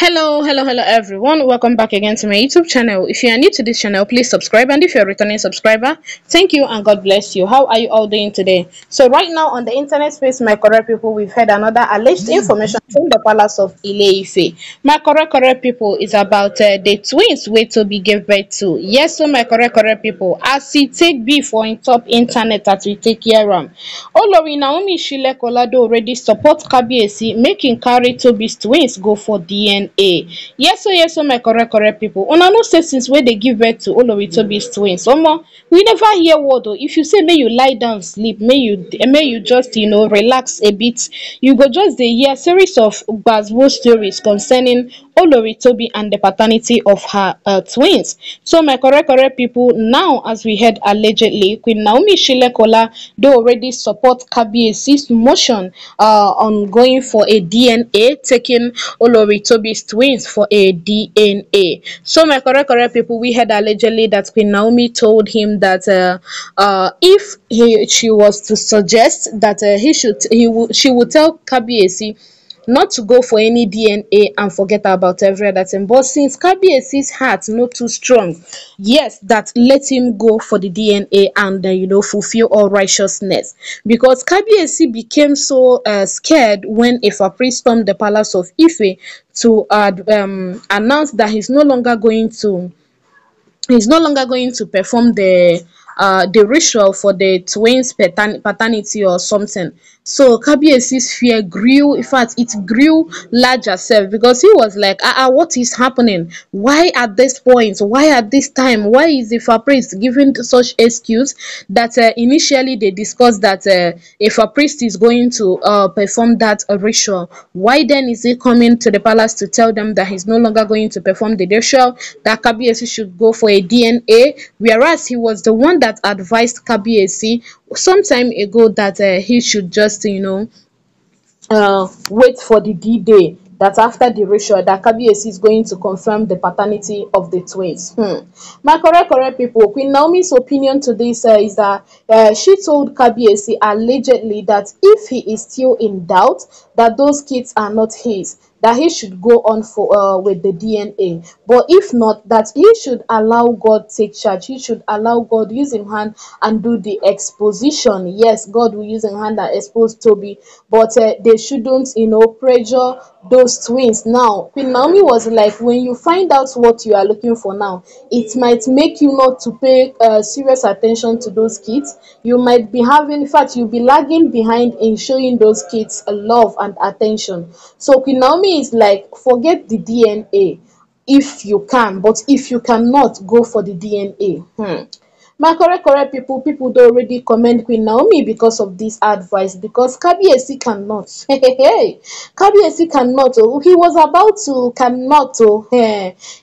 hello hello hello everyone welcome back again to my youtube channel if you are new to this channel please subscribe and if you're a returning subscriber thank you and god bless you how are you all doing today so right now on the internet space my correct people we've had another alleged information from the palace of ileife my correct correct people is about uh, the twins way to be gave birth to yes so my correct correct people as he take before in top internet that we take care of olori naomi shile kolado already support kabiesi making carry toby's twins go for dna a yes so yes so my correct correct people. On no say since where they give birth to all of oloritobi's twins omo we never hear word o if you say may you lie down sleep may you may you just you know relax a bit you go just dey hear series of baswo stories concerning Toby and the paternity of her uh, twins. So my correct correct people, now as we heard allegedly, Queen Naomi Shilekola, they already support KBAC's motion uh, on going for a DNA, taking Oloritobi's twins for a DNA. So my correct correct people, we heard allegedly that Queen Naomi told him that uh, uh, if he, she was to suggest that uh, he should, he she would tell KBAC not to go for any dna and forget about every other thing but since kba's heart not too strong yes that let him go for the dna and uh, you know fulfill all righteousness because kba's became so uh, scared when ifa priest stormed the palace of ife to uh, um, announce that he's no longer going to he's no longer going to perform the uh, the ritual for the twins patern paternity or something. So Kabiesi's fear grew. In fact, it grew larger self because he was like, ah, ah, what is happening? Why at this point? Why at this time? Why is the priest giving such excuse that uh, initially they discussed that uh, if a priest is going to uh, perform that ritual, why then is he coming to the palace to tell them that he's no longer going to perform the ritual, that Kabiesi should go for a DNA, whereas he was the one that that advised Kabiesi some time ago that uh, he should just, you know, uh, wait for the D-Day that after the ritual that KBS is going to confirm the paternity of the twins. Hmm. My correct, correct people, Queen Naomi's opinion to this uh, is that uh, she told KBS allegedly that if he is still in doubt, that those kids are not his, that he should go on for uh, with the DNA. But if not, that he should allow God take charge. He should allow God use him hand and do the exposition. Yes, God will use him hand and expose Toby, but uh, they shouldn't, you know, pressure those twins. Now, Queen Naomi was like, when you find out what you are looking for now, it might make you not to pay uh, serious attention to those kids. You might be having, in fact, you'll be lagging behind in showing those kids love and attention. So Queen Naomi is like forget the DNA if you can, but if you cannot, go for the DNA. Hmm. My correct, correct people, people don't already commend Queen Naomi because of this advice. Because Kabiesi cannot. hey, Kabiesi cannot. Oh, he was about to cannot. Oh,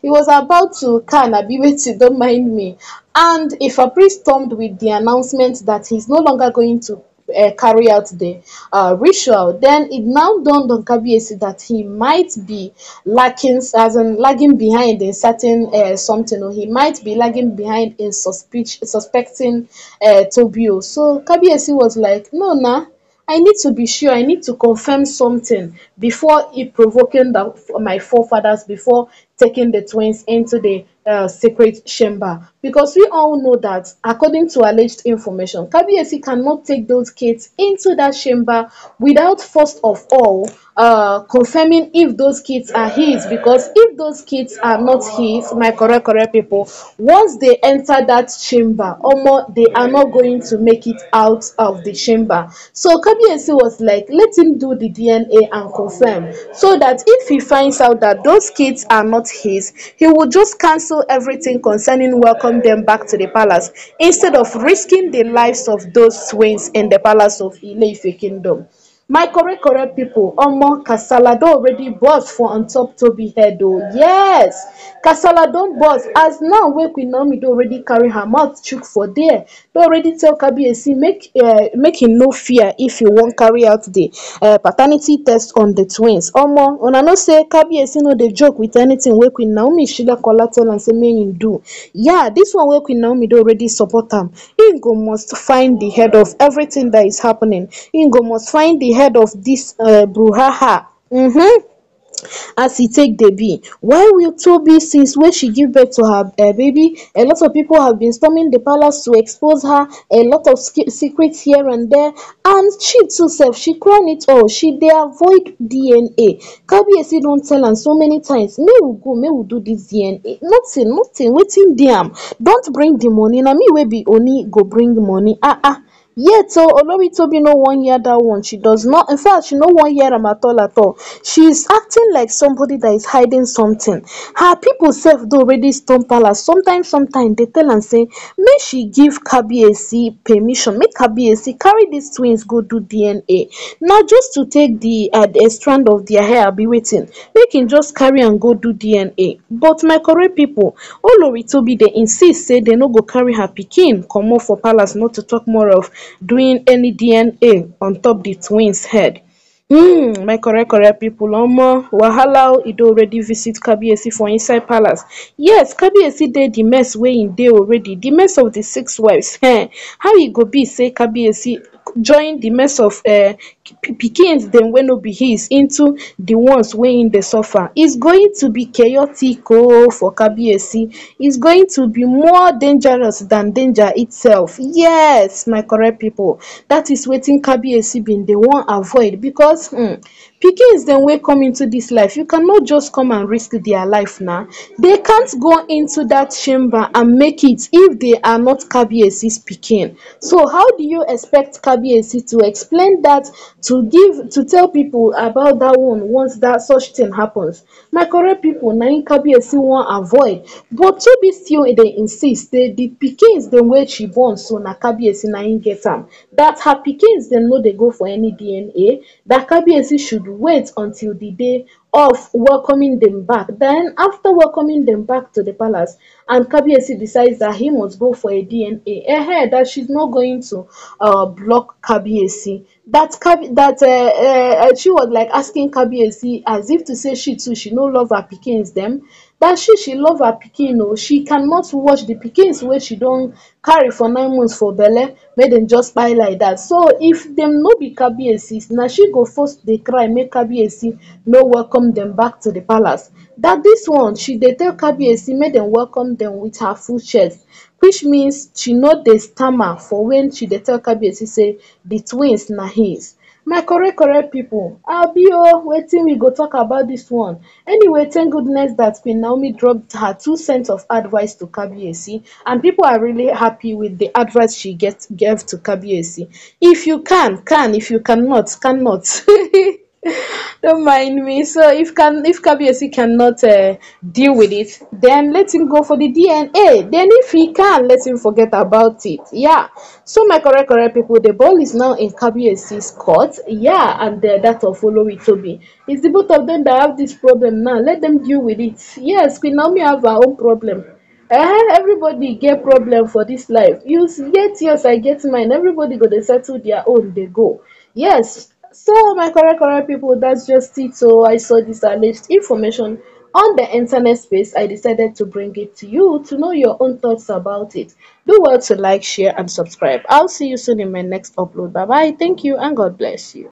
he was about to can. Abi, wait, don't mind me. And if a priest stormed with the announcement that he's no longer going to uh, carry out the uh, ritual. Then it now dawned on Kabiesi that he might be lacking, as in lagging behind in certain uh, something, or he might be lagging behind in suspecting uh, eh, Tobio. So Kabiesi was like, no, nah. I need to be sure, I need to confirm something before it provoking the, my forefathers, before taking the twins into the uh, secret chamber because we all know that according to alleged information kbsc cannot take those kids into that chamber without first of all uh, confirming if those kids are his because if those kids are not his my correct correct people once they enter that chamber omo they are not going to make it out of the chamber so kbsc was like let him do the dna and confirm so that if he finds out that those kids are not not his, he would just cancel everything concerning welcome them back to the palace instead of risking the lives of those twins in the palace of Ileife Kingdom my correct correct people omo kasala already burst for on top toby head though. yes kasala not burst as now wey queen naomi don already carry her mouth chook for there Don't already tell Kabi make uh, make him no fear if he won't carry out the uh, paternity test on the twins omo una know say Kabi see no dey joke with anything wey queen naomi call tell and say make him do yeah this one wey queen naomi don already support him Ingo must find the head of everything that is happening Ingo must find the head of this uh, bruhaha, mm-hmm. as he take the baby, why will Toby since when she give birth to her uh, baby a lot of people have been storming the palace to expose her a lot of secrets here and there and she too she crown it all she dey avoid dna do don tell am so many times me we go me we do dis dna nothing nothing Waiting dey don't bring di money now me wey be only go bring money ah ah yet olori oloritobi no wan hear dat one she does not In fact, she no wan hear am at all at all she is acting like somebody that is hiding something her people sef don already stone palace sometimes sometimes dey tell am say make she give kabiyesi permission make kabiyesi carry dis twins go do dna na just to take the um strand of dia hair abi wetin make im just carry am go do dna but my correct people oloritobi dey insist say dey no go carry her pikin comot for palace not to talk more of doing any dna on top the twins head Hmm, my correct correct people. omo wahala o e don already visit kabiyesi for inside palace yes kabiyesi did the mess way in dey already The mess of the six wives eh, how he go be say kabiyesi join the mess of um eh, pikins dem wey no be his into the ones wey the sofa. It's going to be chaotic oh for Kabiyesi. It's going to be more dangerous than danger itself. Yes, my correct people. that is wetin Kabiyesi being the one avoid because hmm, pikins dem wey come into dis life you cannot just come and risk dia life na dey not go into dat chamber and make it if they are not kabiyesi pikin so how do you expect kabiyesi to explain dat to give to tell people about dat one once dat such thing happens? my correct people, na im kabiyesi wan avoid but tobi still dey insist say di pikins dem wey she born so na kabiyesi na im get am dat her pikins dem no dey go for any dna dat kabiyesi should wait until the day of welcoming them back. Then, after welcoming them back to the palace, and Kabiyesi decides that he must go for a DNA, eh, that she's not going to uh, block Kabiyesi. That that uh, uh, she was like asking Kabiyesi as if to say she too she no love her pikins them. That she she love her pikin oh. she cannot watch the pikins when she don't carry for nine months for belle make them just buy like that. So if them no be Kabiyesi, now she go first dey cry make Kabiyesi no welcome them back to the palace. Dat dis one, she dey tell Kabiyesi make them welcome them with her full chest which means she know the stammer for when she dey tell Kabiyesi say the twins na his my correct correct people I'll be all oh, waiting. we go talk about this one anyway thank goodness that queen naomi dropped her two cents of advice to kabiyesi and people are really happy with the advice she get gave to kabiyesi if you can can if you cannot cannot Don't mind me. So if can if Kabiyesi cannot uh, deal with it, then let him go for the DNA. Then if he can, let him forget about it. Yeah. So my correct correct people, the ball is now in Kabiyesi's court. Yeah, and uh, that of to be. It's the both of them that have this problem now. Let them deal with it. Yes, We now we have our own problem. Uh, everybody get problem for this life. You get yours, I get mine. Everybody go they settle their own. They go. Yes, so, my correct, correct people, that's just it. So, I saw this alleged information on the internet space. I decided to bring it to you to know your own thoughts about it. Do well to like, share, and subscribe. I'll see you soon in my next upload. Bye bye. Thank you, and God bless you.